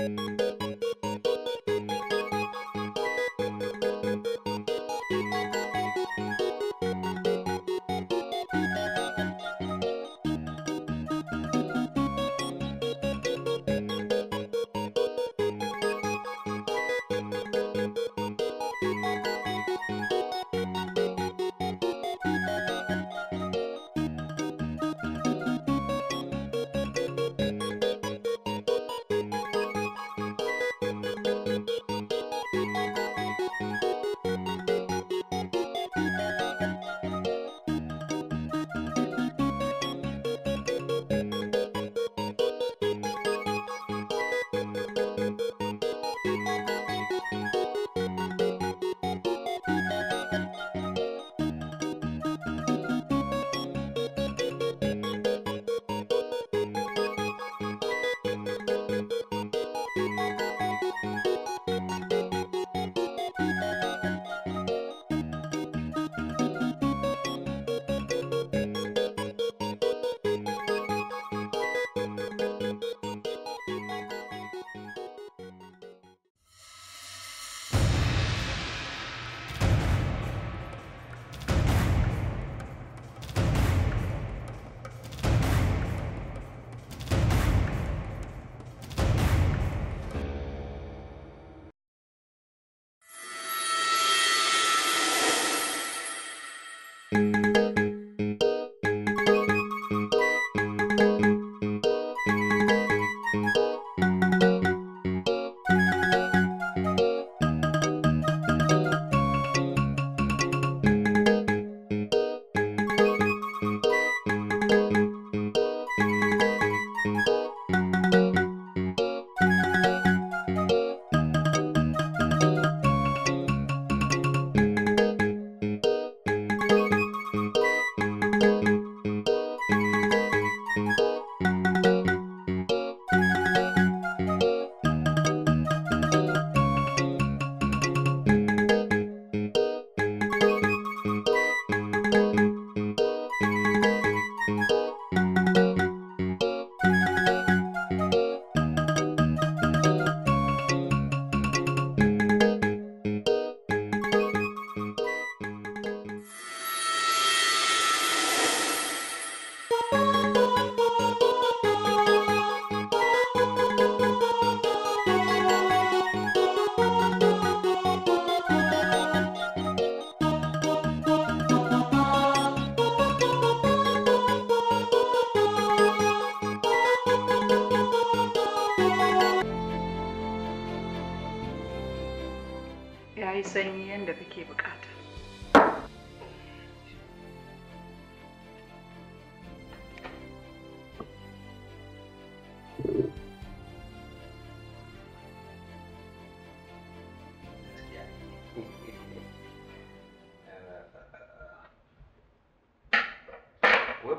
Thank you.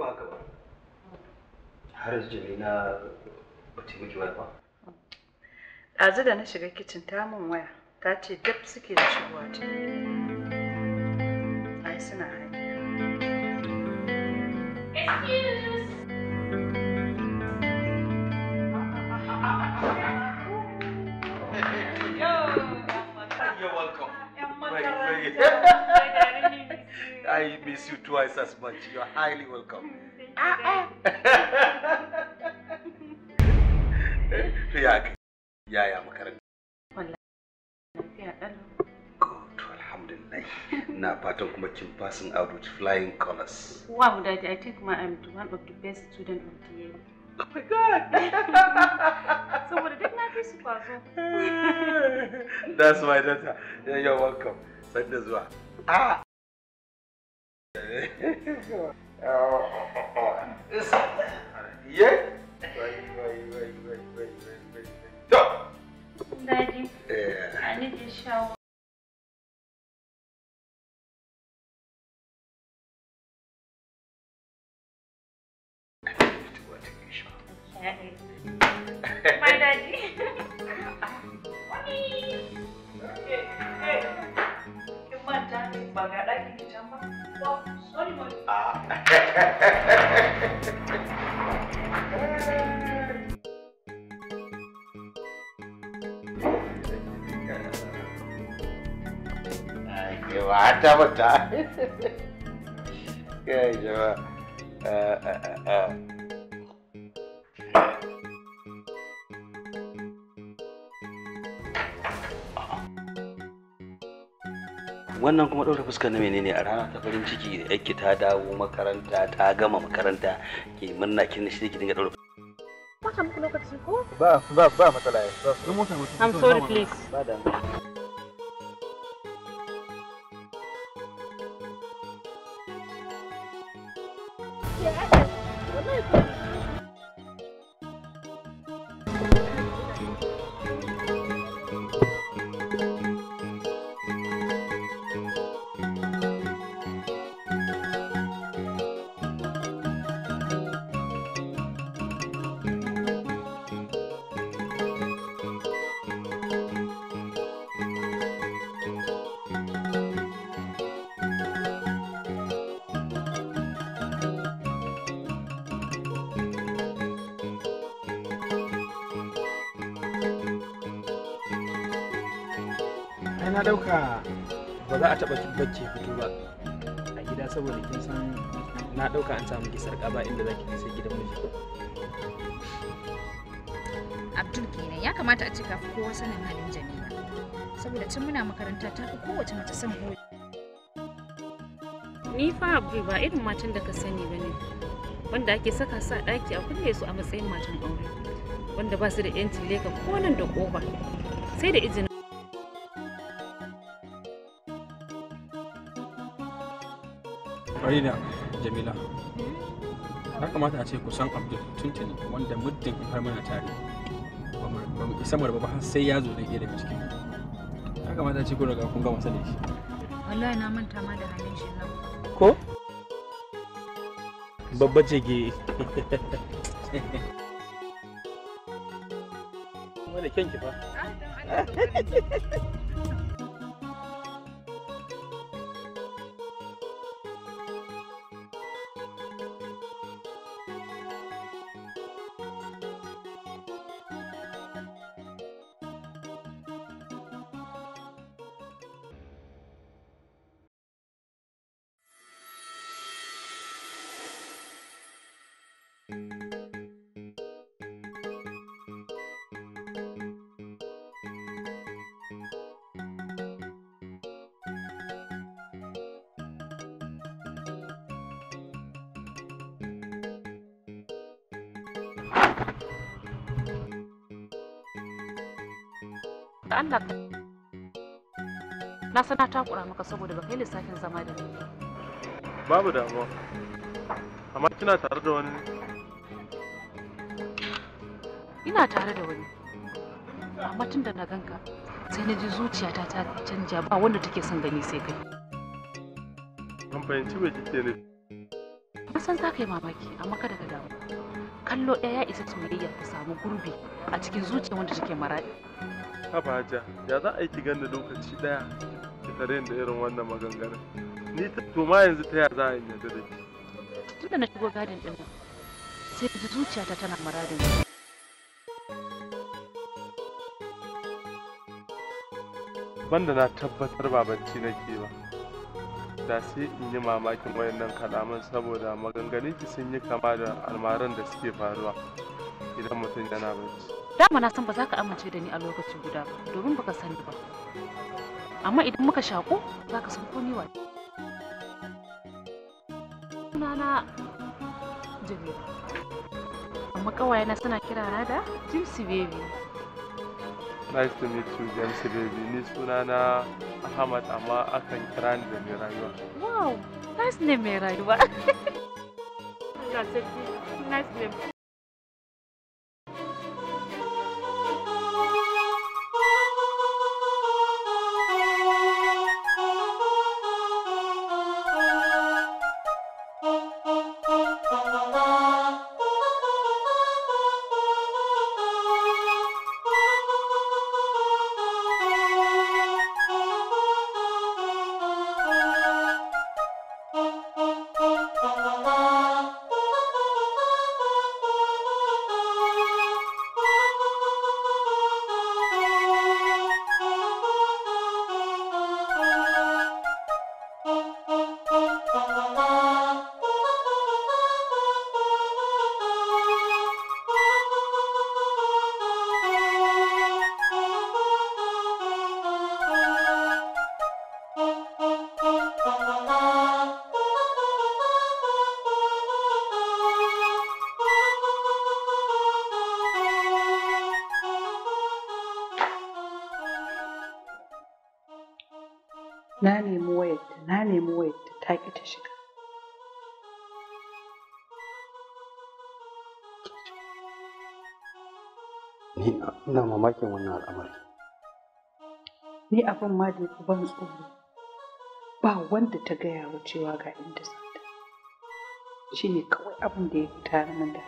ba haka ba har jamila ba ta miki waya ba ɗazu da na shiga kicin ta mun waya ta ce dab suke da shigowa ta ai suna hanya You're I miss you twice as much. You're highly welcome. Ah, To ya kai? Yaya makaranta? Wallahi, lafiya ɗalo. Good, alhamdulillah. Na fatan kuma kin passing out with flying colors. Wow, Daddy, I think my I'm one of the best student of the year. Oh my God! Saboda duk na fi su kwazo. That's my daughter. You're welcome. Send Sanda zuwa. Ah! oh. wannan kuma ɗaura fuska na menene a rana ta farin ciki da yake ta dawo makaranta ta gama makaranta ke murna kin shi ki dinga ɗaura Ba ba ba matsala Ba, I'm sorry please. Ba da. ɗauka ba za a taɓa kin bacci fito ba a gida saboda kin san na ɗauka an samu gisar ba inda zaki ki isa gidan miji. Abdul kenan ya kamata a ce kafin kowa sanin halin Jamila saboda tun muna makaranta ta fi kowace mace son hori. Ni fa Abdul ba irin matan da ka sani ba ne wanda ake saka sa a ɗaki a kulle su a matsayin matan aure wanda ba su da 'yanci leka ko nan da ƙofa sai da izinin farida jamila hmm? ya kamata a ce ku san abdul tuntuni wanda muddin in har mana tare ba mu isa marba ba har sai ya zo da ke daga cikin ya kamata a ce ku daga kun gama sanin shi wallahi na manta ma da halin shi nan ko babba jege wanda kyanki fa ah, Allah na sana takura maka saboda ba kai lissafin zama da ni babu damuwa amma kina tare da wani ina tare da wani amma tun da na ganka sai na ji zuciyata ta canja ba wanda take son gani sai kai ban fahimci me kike ne na san za ka yi mamaki amma kada ka damu kallo ɗaya ya isa soyayya ta samu gurbi a cikin zuciya wanda take maraɗi. Haba hajiya, ya za a yi ki gani lokaci ɗaya ki tare da irin wannan maganganun. Ni to ma yanzu ta ya za a yi yadda da ki. Tunda na shigo gadin ɗin nan, sai ji zuciyata tana maradin. Banda na tabbatar babanci nake ba. da sai in yi mamakin wayannan kalaman saboda maganganun ki sun yi kama da almaran da suke faruwa idan mutum yana bacci dama na san ba za ka amince da ni a lokaci guda ba domin baka sani ba amma idan muka shaƙo za ka san komi wa sunana jamila amma ƙawayena suna na da jimsi baby nice to meet you jimsi baby ni sunana Ahmad amma akan kira ni da mai rayuwa. Wow, nice name mai rayuwa. sarki, nice name. ina mamakin wannan al'amari ni abin ma da ku ban tsoro ba wanda ta gaya wa cewa ga inda zai shi ne kawai abin da ya fita min da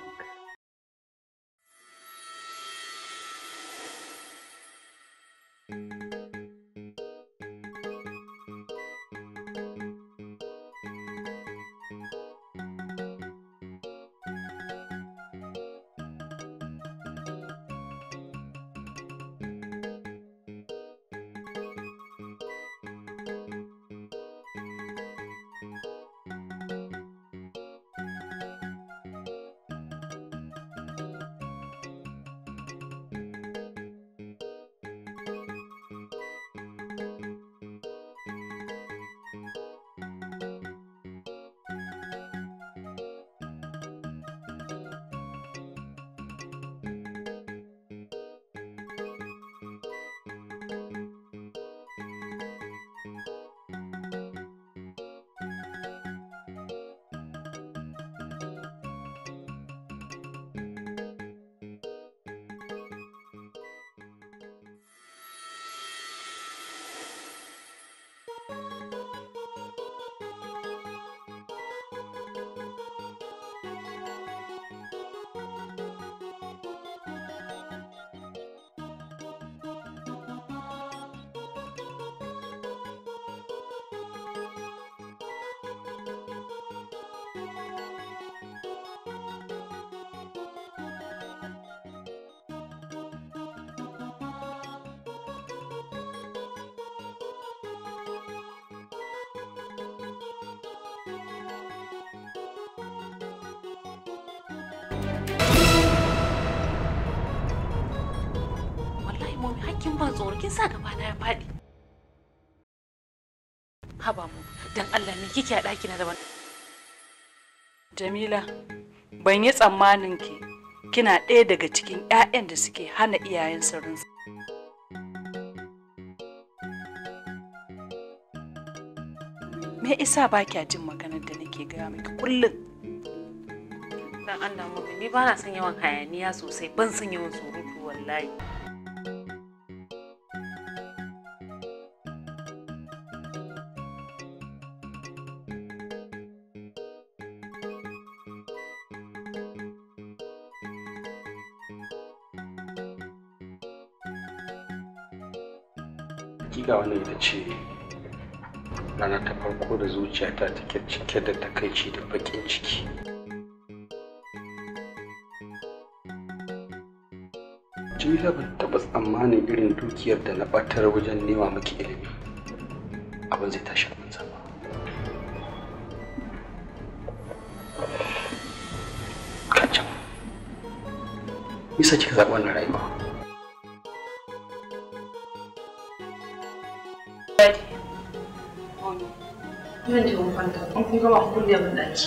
kin ba tsoro kin sa gaba na ya faɗi haba mu dan Allah me kike a ɗaki na daban Jamila ban yi tsammanin ki kina ɗaya daga cikin ƴaƴan da suke hana iyayen sirrin me isa ba kya jin maganar da nake gaya miki kullum dan Allah mu ni ba na son yawan hayaniya sosai ban son yawan surutu wallahi hakika wannan ita ce rana ta farko da zuciyata take cike da takaici da bakin ciki jamila ban taɓa tsammanin irin dukiyar da na ɓatar wajen nema maki ilimi abin zai tashi abin ba Me yasa kika zaɓi wannan rayuwa gama kulle mun ɗaki.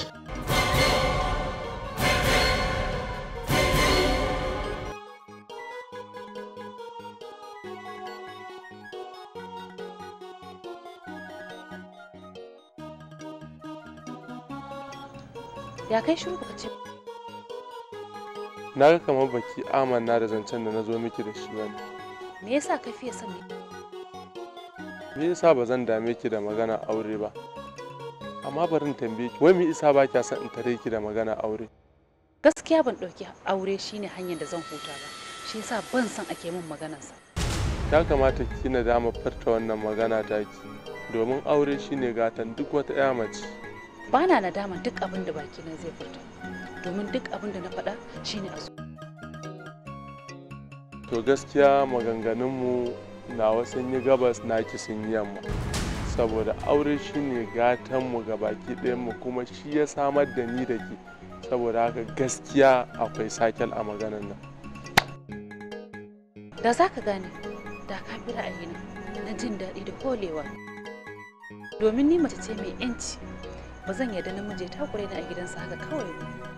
Ya kai shiru baka ce na ga kamar baki amanna da zancen da na zo miki da shi wani. Me yasa ka fiye son me? Me yasa ba zan dame ki da magana aure ba? amma barin tambaye ki wai me isa ba kya son in tare ki da magana aure gaskiya ban ɗauki aure shine hanyar da zan huta ba shi yasa ban san ake min maganarsa ya kamata ki na dama farta wannan magana ta ki domin aure shine gatan duk wata ya mace ba na nadama duk abin da baki na zai furta domin duk abin da na faɗa shine a to gaskiya maganganunmu na wasan yi gabas ki sun yi yamma saboda aure shine gatanmu ga baki mu kuma shi ya samar da ni da ke saboda haka gaskiya akwai sakel a maganar nan da za ka gane da ka fi ra'ayina na jin daɗi da kolewa domin ni mace ce mai 'yanci ba zan yarda namiji ta takure ni a gidansa haka kawai ba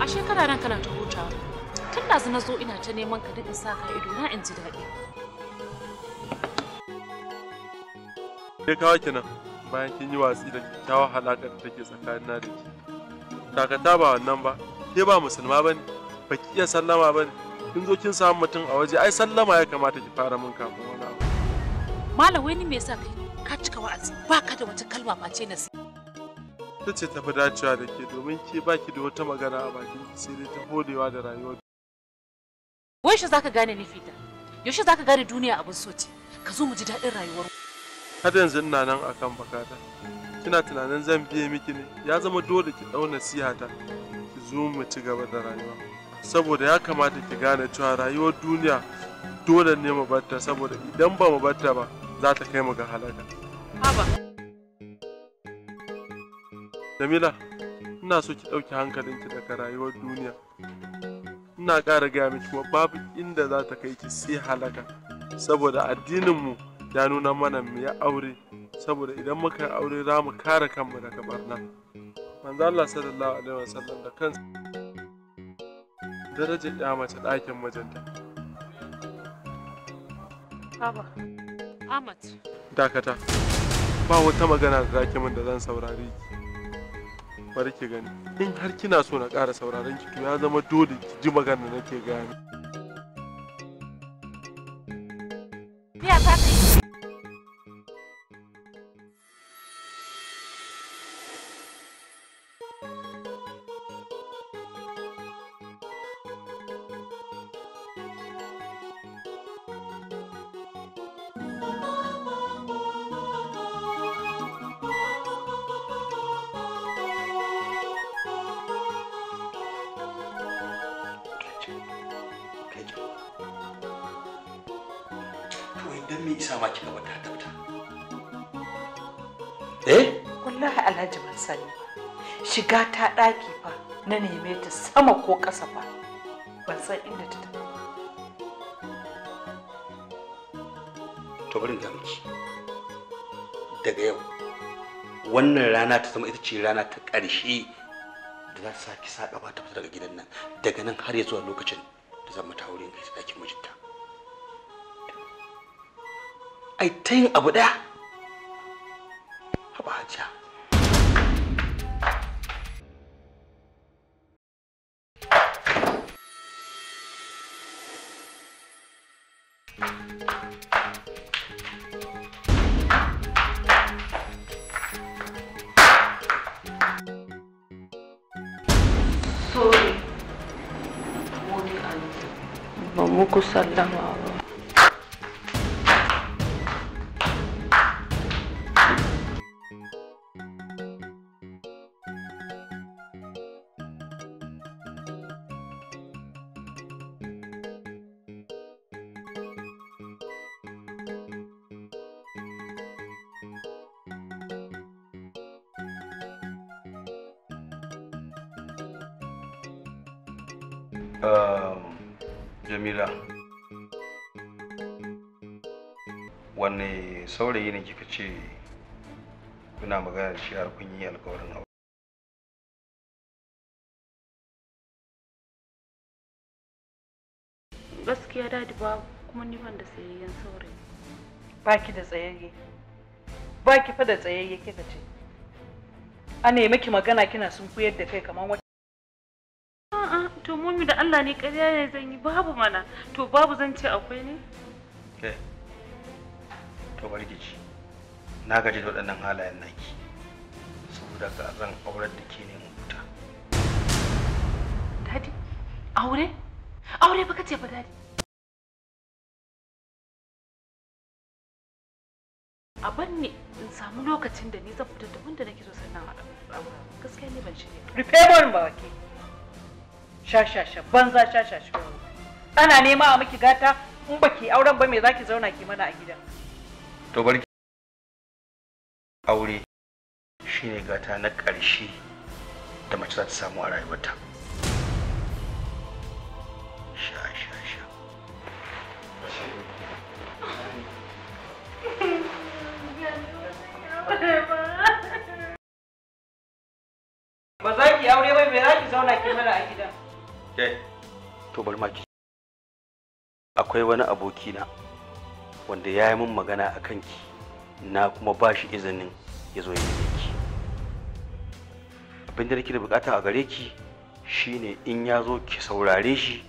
A shekara nan kana ta hutawa. Tun da na zo ina ta neman ka duk sa ka ido na in ji daɗi. Ke kawo kenan bayan kin yi watsi da kyakkyawar halakar da take tsakanin na da ke. Kakata ba wannan ba, ke ba musulma ba ne, ba ki iya sallama ba ne. Kin zo kin samu mutum a waje, ai sallama ya kamata ki fara min kafin wani abu. Malam wai ni me yasa kai ka cika wa'azi ba ka da wata kalma face na ta ce tafi dacewa da ke domin ke baki da wata magana a baki sai dai ta hodewa da rayuwar. Wai shi zaka gane ni fita, yaushe zaka gane duniya abin so ce, ka zo mu ji daɗin rayuwar. Har yanzu ina nan akan bakata, kina tunanin zan biye miki ne, ya zama dole ki ɗau nasihata, ki zo mu ci gaba da rayuwa. Saboda ya kamata ki gane cewa rayuwar duniya dole ne mu batta saboda idan ba mu batta ba za ta kai mu ga halaka. Haba. Jamila, ina so ki ɗauki hankalinki daga rayuwar duniya. Ina ƙara gaya miki kuma babu inda za ta kai ki sai halaka. Saboda addininmu ya nuna mana mu ya aure. Saboda idan muka yi aure za mu kare kanmu daga barna. Manzo Allah sallallahu alaihi sallam da kansa daraja ya mace ɗakin mijinta. Baba, Ahmad. Dakata, ba wata magana da zaki min da zan saurari ki. bari ki gani in har kina so na ƙara sauraron ki to ya zama dole ki ji magana nake gani dan me isa ma kika bata tauta eh wallahi alhaji ban sani shiga ta ɗaki fa na neme ta sama ko ƙasa fa ban san inda ta tafi to bari ga miki daga yau wannan rana ta zama ita ce rana ta ƙarshe da za ta saki saƙa ba ta fita daga gidan nan daga nan har ya zuwa lokacin da zan mata ka kai ɗakin mijinta I think ta ah. yin How about haba Sorry, Moni Anti. Ba saurayi ne kika ce kuna magana da shi har kun yi alkawarin aure gaskiya dadi ba kuma ni ban da tsayayyen saurayi ki da tsayayye ki fa da tsayayye kika ce ana yi maki magana kina sun koyar da kai kamar wata a'a to mummi da Allah ne ƙarya ne zan yi babu mana to babu zan ce akwai ne ka gici na gaji da waɗannan halayen naki saboda ka zan aurar da ke ne huta dadi aure aure baka ce ba dadi a banne in samu lokacin da ni zan fita da wanda nake so sannan a gaskiya ne ban shirya rufe ba ke sha sha sha banza sha sha shi ana nema a miki gata in baki auren ba me zaki zauna ki mana a gidan to barki aure shine gata na ƙarshe da mace za ta samu a rayuwarta sha sha sha ba za ki aure ba me za ki zauna ki mara a gidan eh, to bar ma ki akwai wani abokina wanda ya yi min magana a kanki na kuma ba shi izinin ya zo ne ki abin da nake da bukata a gare ki shine in ya zo ki saurare shi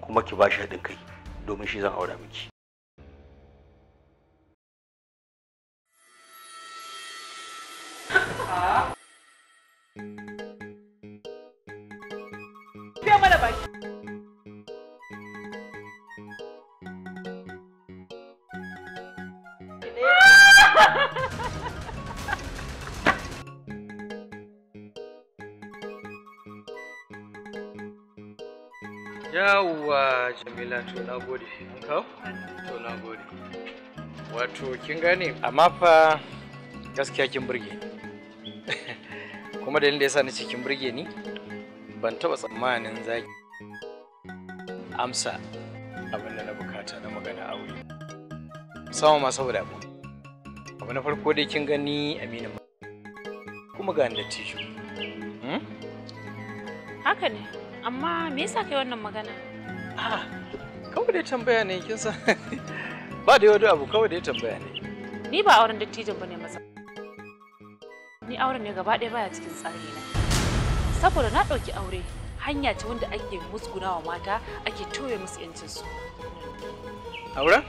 kuma ki ba shi haɗin kai domin shi zan aura miki to na gode in kawo to na gode wato kin gane amma fa gaskiya kin burge kuma dalilin da yasa nace kin burge ni ban taba tsammanin zaki amsa abin da na bukata na magana aure sama ma saboda abu abu na farko dai kin gani aminin kuma ga da tishu hmm? haka ne amma me yasa kai wannan magana ah! kawai dai tambaya ne kin san ba da wani abu kawai ya tambaya ne ni ba auren dattijan bane masa ni auren ne gaba ɗaya baya cikin tsari na saboda na ɗauki aure hanya ce wanda ake musgunawa mata ake toye musu 'yancinsu auren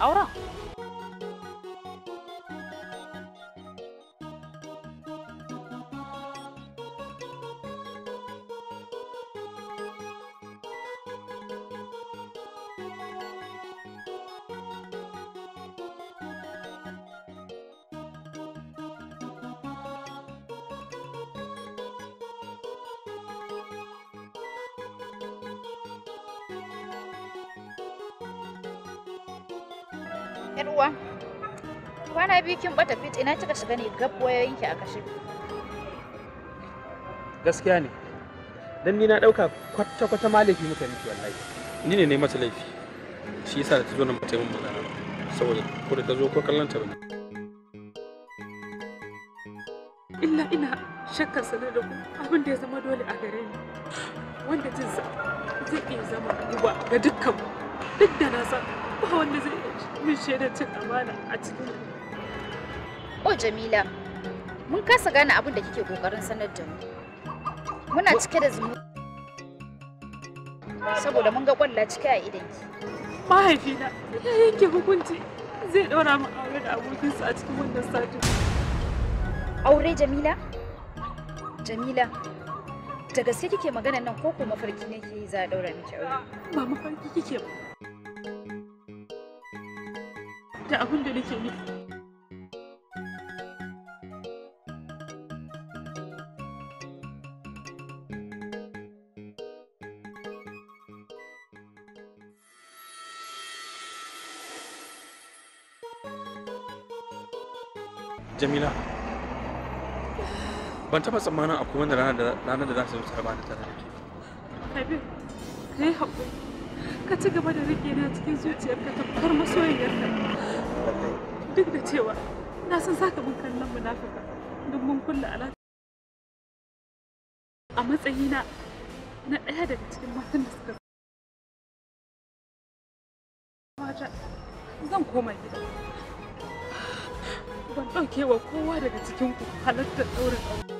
auren ke kin bata fit ina kika shiga ne gab wayoyin ki a kashe gaskiya ne dan ni na dauka kwata kwata malafi laifi muka miki wallahi ni ne ne mata laifi shi yasa da ta zo nan bata yi mun magana saboda ko da ta zo ko kallon ta bane illa ina shakkar sanar da ku abin da ya zama dole a gare ni wanda jin sa zai iya zama duba ga dukkan duk da na san ba wanda zai min shaidar cin amana a cikin Oh Jamila, mun kasa gane abin da kike kokarin sanar da mu. Muna cike da zumu. Saboda mun ga kwalla cike a idanki. Mahaifina ya yanke hukunci zai ɗora mu aure da abokinsa a cikin wannan satin. Aure Jamila? Jamila, da gaske kike magana nan ko kuma mafarki nake yi za a ɗaura miki aure? Ba mafarki kike ba. Da abin da nake nufi. jamila ban taba tsammanin akwai wanda ranar da za su zuwa ba da tare da ke habib ka yi haƙuri ka ci gaba da rike na cikin zuciyarka tamkar masoyiyarka duk da cewa na san saka mun kallon munafika duk mun kulla alaƙa a matsayina na ɗaya daga cikin matan da suka mata zan koma gida ban ɗauke wa kowa daga cikin ku halartar ɗaurin aure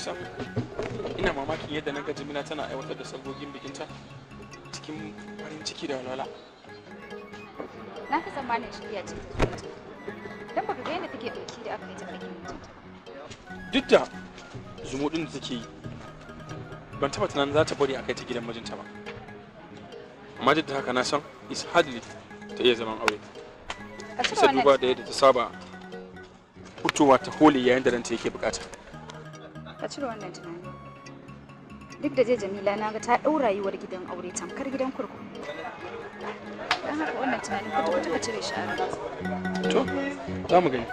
nisa ina mamakin yadda na ga jimina tana aiwatar da sabogin bikinta cikin farin ciki da walwala na fi tsammanin shirya ce don baka ga yadda take dauki da aka yi ta fakin mutunta duk da zumuɗin da take yi ban taɓa tunanin za ta bari a kai ta gidan mijinta ba amma duk da haka na san is hardly ta iya zaman aure bisa duba da yadda ta saba fitowa ta hole yayin da ranta yake bukata cire wannan tunani duk da je jamila na ga ta ɗau rayuwar gidan aure tamkar gidan kurku don haka wannan tunani kwata-kwata ka cire shi a to za mu gani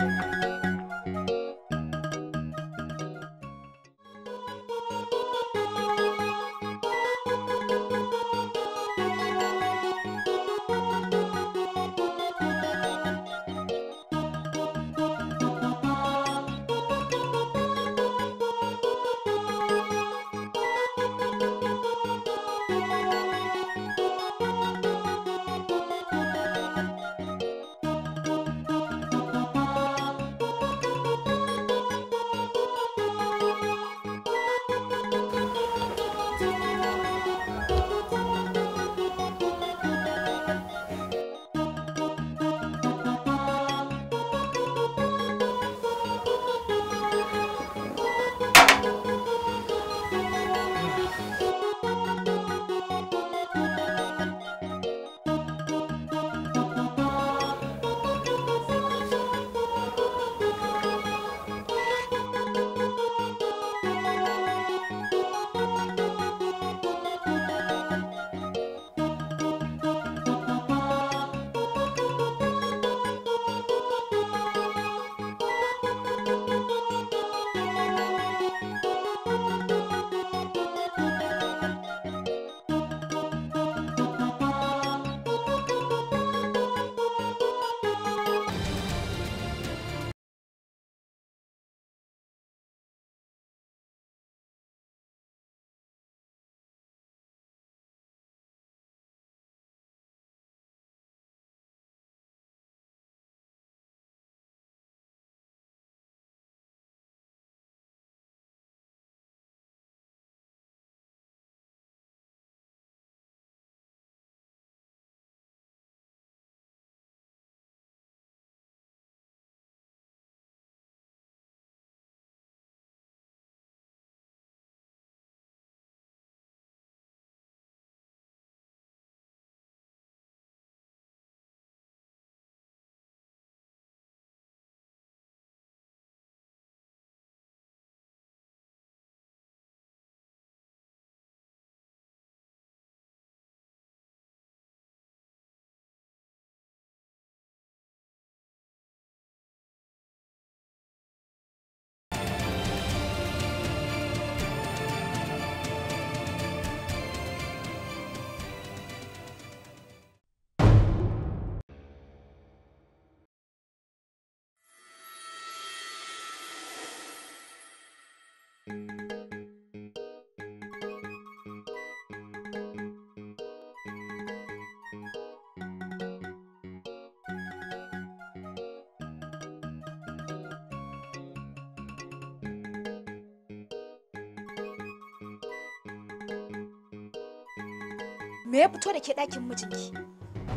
me ya fito da ke ɗakin mijinki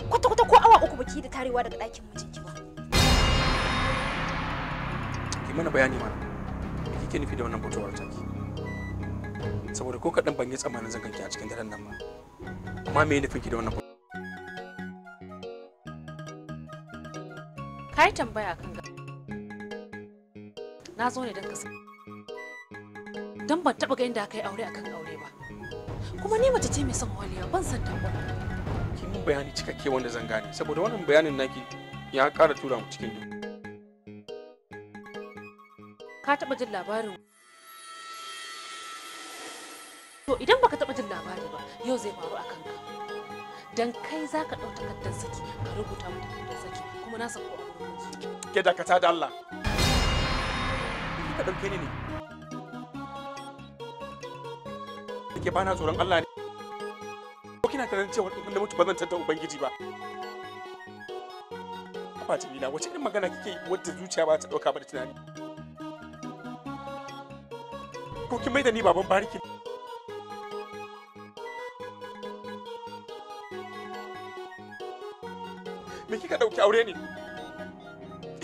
kwata-kwata ko awa uku baki da tarewa daga ɗakin mijinki ba ki mana bayani mana me kike nufi da wannan fitowar taki saboda ko kaɗan ban yi tsammanin zan kanki a cikin daren nan ba amma me nufin ki da wannan ka yi tambaya kan ga na zo ne don ka don ban taɓa ga inda aka yi aure akan aure ba kuma ni mace ce mai son waliya ban san ta ba ki mun bayani cikakke wanda zan gane saboda wannan bayanin naki ya ƙara tura mu cikin duk. ka taɓa jin labarin to idan baka taɓa jin labari ba yau zai faru a kanka dan kai za ka ɗau takardar saki ka rubuta mu takardar saki kuma na sako a wurin ke dakata da Allah ka ɗauke ni ne take bana tsoron Allah ne ko kina tare cewa in na mutu ba zan tanta ubangiji ba ba ta bila wace irin magana kike wadda zuciya ba ta dauka ba da tunani ko kin mai da ni baban bariki me kika dauki aure ne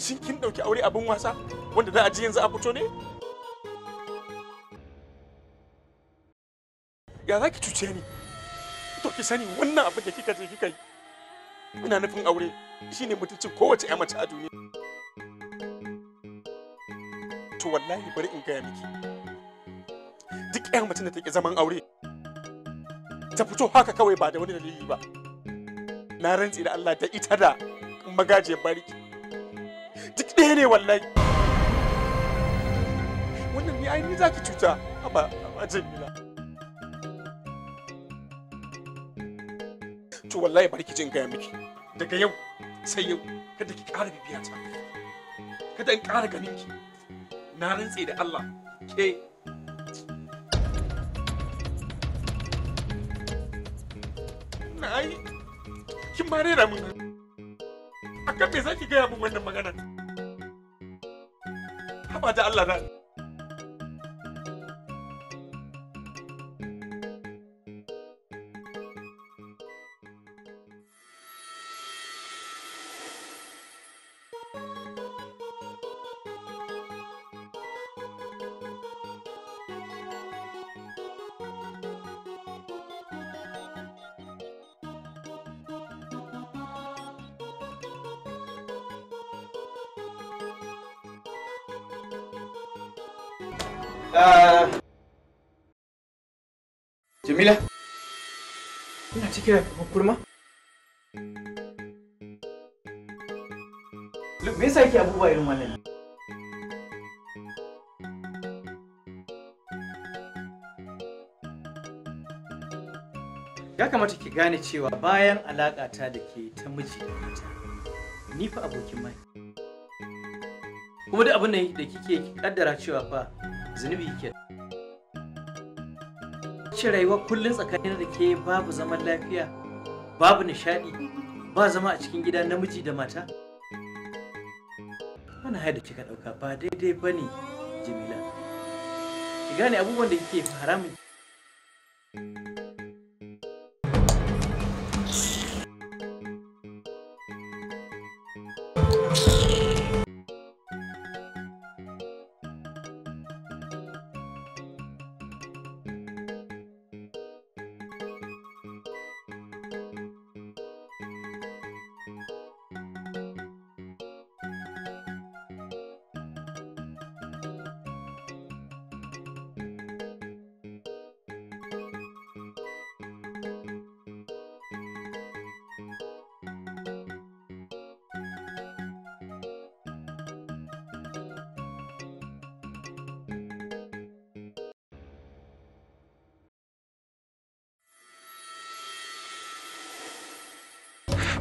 shin kin dauki aure abin wasa wanda za a ji yanzu a fito ne ya za ki cuce ni to ki sani wannan abin da kika je kika yi ina nufin aure shine mutuncin kowace ya mace a duniya to wallahi bari in gaya miki duk ya mace da take zaman aure ta fito haka kawai ba da wani dalili ba na rantsi da Allah ta ita da magajiyar bariki duk ɗaya ne wallahi wannan ni ai ni zaki cuta a ba a jimila wallahi bari jin gaya miki daga yau sai yau kada ki ƙara bibiya ta kada in ƙara ganin ki na rantse da Allah ke na yi kin ba rera mun akan me zaki gaya mun wannan magana haba da Allah na Ah. Jamila? Ina ta kira kamar kurma? Me yasa yake abubuwa irin wannan? Ya kamata ki gane cewa bayan alaƙa ta da ke ta miji da mata, ni fa abokin mai. Kuma duk abin da kike kaddara cewa fa zunubi ke ci rayuwa kullum tsakanin da ke babu zaman lafiya babu nishadi ba zama a cikin gida namiji da mata wani haida kika dauka ba daidai bane jamila ki gane abubuwan da kike haramun